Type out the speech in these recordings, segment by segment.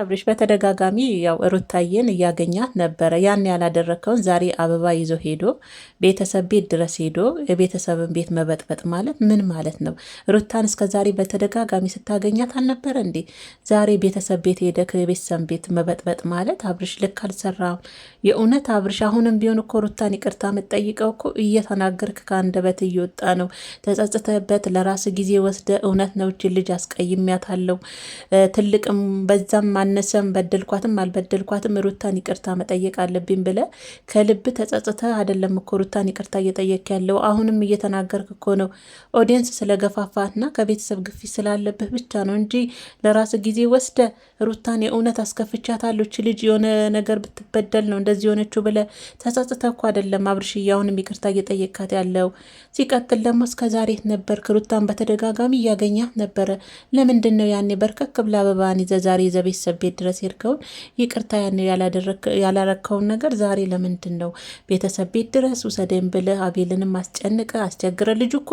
አብርሽ በተደጋጋሚ ያው ሩታዬን እያገኛት ነበረ። ያን ያላደረከውን ዛሬ አበባ ይዞ ሄዶ ቤተሰብ ቤት ድረስ ሄዶ የቤተሰብን ቤት መበጥበጥ ማለት ምን ማለት ነው? ሩታን እስከ ዛሬ በተደጋጋሚ ስታገኛት አልነበረ እንዴ? ዛሬ ቤተሰብ ቤት ሄደ የቤተሰብ ቤት መበጥበጥ ማለት አብርሽ ልክ አልሰራም። የእውነት አብርሽ አሁንም ቢሆን እኮ ሩታን ይቅርታ የምጠይቀው እኮ እየተናገርክ ከአንደበት እየወጣ ነው። ተጸጽተበት ለራስ ጊዜ ወስደ እውነት ነው እችን ልጅ አስቀይሜያታለሁ ትልቅም በዛም አነሰም በደልኳትም አልበደልኳትም ሩታን ይቅርታ መጠየቅ አለብኝ ብለ ከልብ ተጸጽተ አይደለም እኮ ሩታን ይቅርታ እየጠየቅ ያለው አሁንም እየተናገርክ እኮ ነው። ኦዲየንስ ስለገፋፋትና ከቤተሰብ ግፊት ስላለብህ ብቻ ነው እንጂ ለራስ ጊዜ ወስደ ሩታን የእውነት አስከፍቻታለሁ እች ልጅ የሆነ ነገር ብትበደል ነው እንደዚህ የሆነችው ብለ ተጸጽተ እኮ አይደለም አብርሽዬ፣ አሁንም ይቅርታ እየጠየቅካት ያለው ሲቀጥል ደግሞ እስከዛሬ ነበር ሩታን በተደጋጋሚ እያገኛት ነበረ። ለምንድን ነው ያኔ በርከክ ብላ አበባን ይዘ ዛሬ ዘቤት ቤተሰብ ቤተሰብ ቤት ድረስ ሄድከውን ይቅርታ ያን ያላረከውን ነገር ዛሬ ለምንድን ነው ቤተሰብ ቤት ድረስ ውሰደን ብለህ አቤልንም አስጨንቀ አስቸግረ። ልጁ እኮ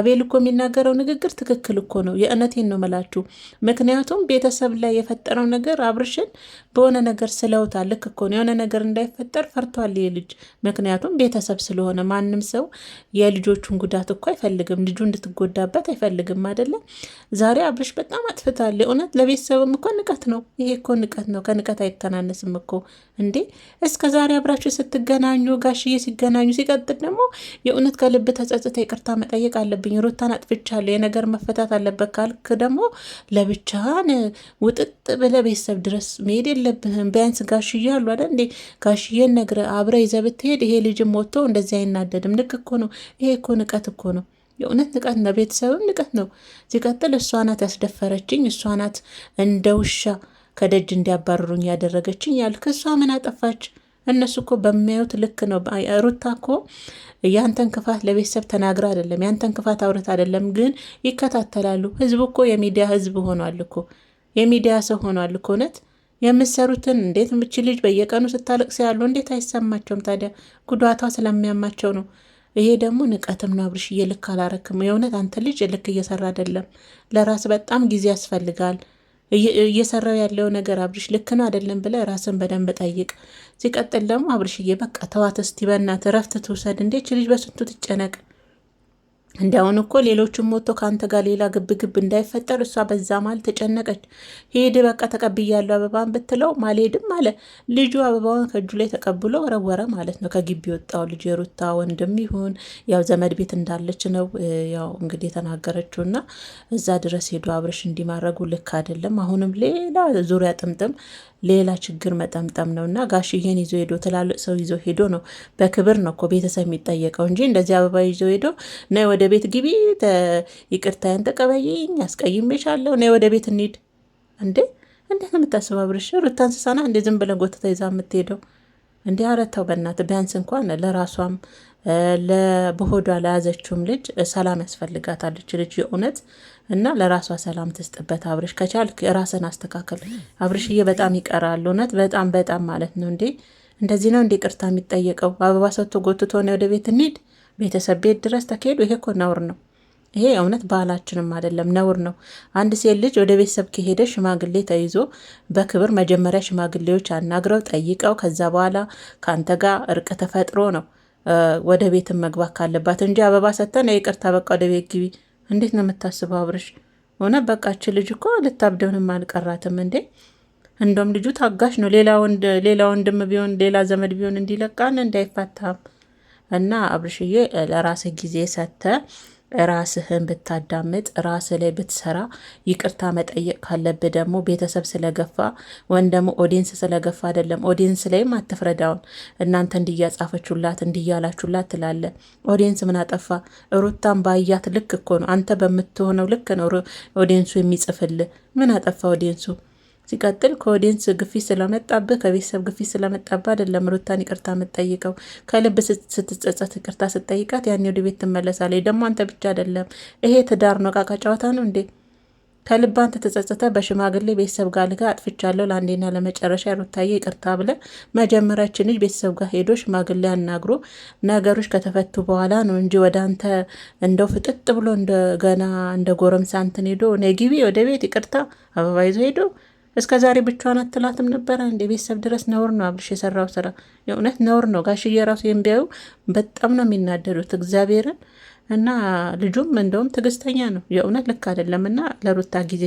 አቤል እኮ የሚናገረው ንግግር ትክክል እኮ ነው። የእውነቴን ነው መላችሁ። ምክንያቱም ቤተሰብ ላይ የፈጠረው ነገር አብርሽን በሆነ ነገር ስለውታል። ልክ እኮ ነው። የሆነ ነገር እንዳይፈጠር ፈርቷል ይህ ልጅ። ምክንያቱም ቤተሰብ ስለሆነ ማንም ሰው የልጆቹን ጉዳት እኮ አይፈልግም። ልጁ እንድትጎዳበት አይፈልግም አይደለም። ዛሬ አብርሽ በጣም አጥፍታል። እውነት ለቤተሰብም እኮ ንቀት ነው። ነው። ይሄ እኮ ንቀት ነው፣ ከንቀት አይተናነስም እኮ እንዴ! እስከ ዛሬ አብራችሁ ስትገናኙ ጋሽዬ ሲገናኙ፣ ሲቀጥል ደግሞ የእውነት ከልብ ተጸጽተ ይቅርታ መጠየቅ አለብኝ ሩታን አጥፍቻለሁ፣ የነገር መፈታት አለበት ካልክ ደግሞ ለብቻን ውጥጥ ብለ ቤተሰብ ድረስ መሄድ የለብህም። ቢያንስ ጋሽዬ አሉ አይደል እንዴ? ጋሽዬን ነግረ አብረ ይዘብትሄድ ይሄ ልጅም ወጥቶ እንደዚህ አይናደድም። ልክ እኮ ነው። ይሄ እኮ ንቀት እኮ ነው። የእውነት ንቀት ነው፣ ቤተሰብም ንቀት ነው። ሲቀጥል እሷ ናት ያስደፈረችኝ፣ እሷ ናት እንደ ውሻ ከደጅ እንዲያባረሩኝ ያደረገችኝ ያልክ፣ እሷ ምን አጠፋች? እነሱ እኮ በሚያዩት ልክ ነው። ሩታ እኮ ያንተን ክፋት ለቤተሰብ ተናግራ አይደለም፣ ያንተን ክፋት አውረት አይደለም፣ ግን ይከታተላሉ። ህዝቡ እኮ የሚዲያ ህዝብ ሆኗል እኮ የሚዲያ ሰው ሆኗል እኮ እውነት የምሰሩትን እንዴት ምች ልጅ በየቀኑ ስታለቅስ ያሉ እንዴት አይሰማቸውም ታዲያ? ጉዳቷ ስለሚያማቸው ነው። ይሄ ደግሞ ንቀትም ነው። አብርሽዬ ልክ አላረክም። የእውነት አንተ ልጅ ልክ እየሰራ አይደለም። ለራስ በጣም ጊዜ ያስፈልጋል። እየሰራው ያለው ነገር አብርሽ ልክ ነው አይደለም ብለህ ራስን በደንብ ጠይቅ። ሲቀጥል ደግሞ አብርሽዬ በቃ ተዋት እስቲ በእናትህ እረፍት ትውሰድ። እንዴች ልጅ በስንቱ ትጨነቅ። እንዳሁን እኮ ሌሎቹም ሞቶ ከአንተ ጋር ሌላ ግብግብ እንዳይፈጠር እሷ በዛ ማል ተጨነቀች። ሄድ በቃ ተቀብያለሁ አበባን ብትለው ማልሄድም አለ። ልጁ አበባውን ከእጁ ላይ ተቀብሎ ወረወረ ማለት ነው። ከግቢ ወጣው ልጅ የሩታ ወንድም ይሁን ያው ዘመድ ቤት እንዳለች ነው ያው እንግዲህ የተናገረችው እና እዛ ድረስ ሄዱ አብረሽ እንዲማረጉ ልክ አይደለም። አሁንም ሌላ ዙሪያ ጥምጥም ሌላ ችግር መጠምጠም ነው እና ጋሽ ይሄን ይዞ ሄዶ ትላልቅ ሰው ይዞ ሄዶ ነው በክብር ነው እኮ ቤተሰብ የሚጠየቀው እንጂ እንደዚህ አበባ ይዞ ሄዶ ነይ ወደ ቤት ግቢ፣ ይቅርታዬን ተቀበይኝ፣ አስቀይሜሻለሁ፣ ነይ ወደ ቤት እንሂድ። እንዴ እንዴት ነው የምታስባብርሽ? ሩታ እንስሳና እንዴ ዝም ብለን ጎትታ ይዛ የምትሄደው እንዲ አረተው በእናት ቢያንስ እንኳን ለራሷም በሆዷ ለያዘችውም ልጅ ሰላም ያስፈልጋታለች ልጅ ልጅ የእውነት እና ለራሷ ሰላም ትስጥበት። አብርሽ ከቻልክ ራስን አስተካከል አብርሽዬ። በጣም ይቀራል እውነት በጣም በጣም ማለት ነው። እንዴ እንደዚህ ነው እንዴ ቅርታ የሚጠየቀው? አበባ ሰጥቶ ጎትቶ ነው ወደ ቤት እንሂድ ቤተሰብ ቤት ድረስ ተካሄዱ። ይሄ እኮ ነውር ነው። ይሄ እውነት ባህላችንም አይደለም፣ ነውር ነው። አንድ ሴት ልጅ ወደ ቤተሰብ ከሄደ ሽማግሌ ተይዞ በክብር መጀመሪያ ሽማግሌዎች አናግረው ጠይቀው ከዛ በኋላ ከአንተ ጋር እርቅ ተፈጥሮ ነው ወደ ቤትን መግባት ካለባት እንጂ አበባ ሰተን ይቅርታ በቃ ወደ ቤት ግቢ። እንዴት ነው የምታስበው አብርሽ? ሆነ በቃች ልጅ እኮ ልታብደውንም አልቀራትም እንዴ እንደም ልጁ ታጋሽ ነው። ሌላ ወንድም ቢሆን ሌላ ዘመድ ቢሆን እንዲለቃን እንዳይፋታም እና አብርሽዬ ለራስህ ጊዜ ሰተ ራስህን ብታዳምጥ ራስ ላይ ብትሰራ፣ ይቅርታ መጠየቅ ካለብህ ደግሞ ቤተሰብ ስለገፋ ወይም ደግሞ ኦዲንስ ስለገፋ አይደለም። ኦዲንስ ላይም አትፍረዳውን። እናንተ እንዲያጻፈችላት እንዲያላችሁላት ትላለ። ኦዲንስ ምን አጠፋ? ሩታን ባያት ልክ እኮ ነው። አንተ በምትሆነው ልክ ነው ኦዲንሱ የሚጽፍልህ። ምን አጠፋ ኦዲንሱ? ሲቀጥል ከኦዲንስ ግፊት ስለመጣብህ ከቤተሰብ ግፊት ስለመጣብህ አይደለም ሩታን ይቅርታ የምጠይቀው። ከልብ ስትጸጸት ይቅርታ ስጠይቃት ያኔ ወደ ቤት ትመለሳለች። ደግሞ አንተ ብቻ አይደለም ይሄ ትዳር ነው፣ ቃቃ ጨዋታ ነው እንዴ? ከልብ አንተ ተጸጸተ በሽማግሌ ቤተሰብ ጋር ልጋ አጥፍቻለሁ ለአንዴና ለመጨረሻ ሩታዬ ይቅርታ ብለ መጀመሪያችን ልጅ ቤተሰብ ጋር ሄዶ ሽማግሌ አናግሮ ነገሮች ከተፈቱ በኋላ ነው እንጂ ወደ አንተ እንደው ፍጥጥ ብሎ እንደገና እንደ ጎረምሳ እንትን ሄዶ ነግቢ ወደ ቤት ይቅርታ አበባ ይዞ ሄዶ እስከ ዛሬ ብቻዋን አትላትም ነበረ እንደ ቤተሰብ ድረስ ነውር ነው አብርሽ የሰራው ስራ የእውነት ነውር ነው። ጋሽዬ ራሱ የሚያዩ በጣም ነው የሚናደዱት እግዚአብሔርን እና ልጁም እንደውም ትዕግስተኛ ነው የእውነት ልክ አይደለም እና ለሩታ ጊዜ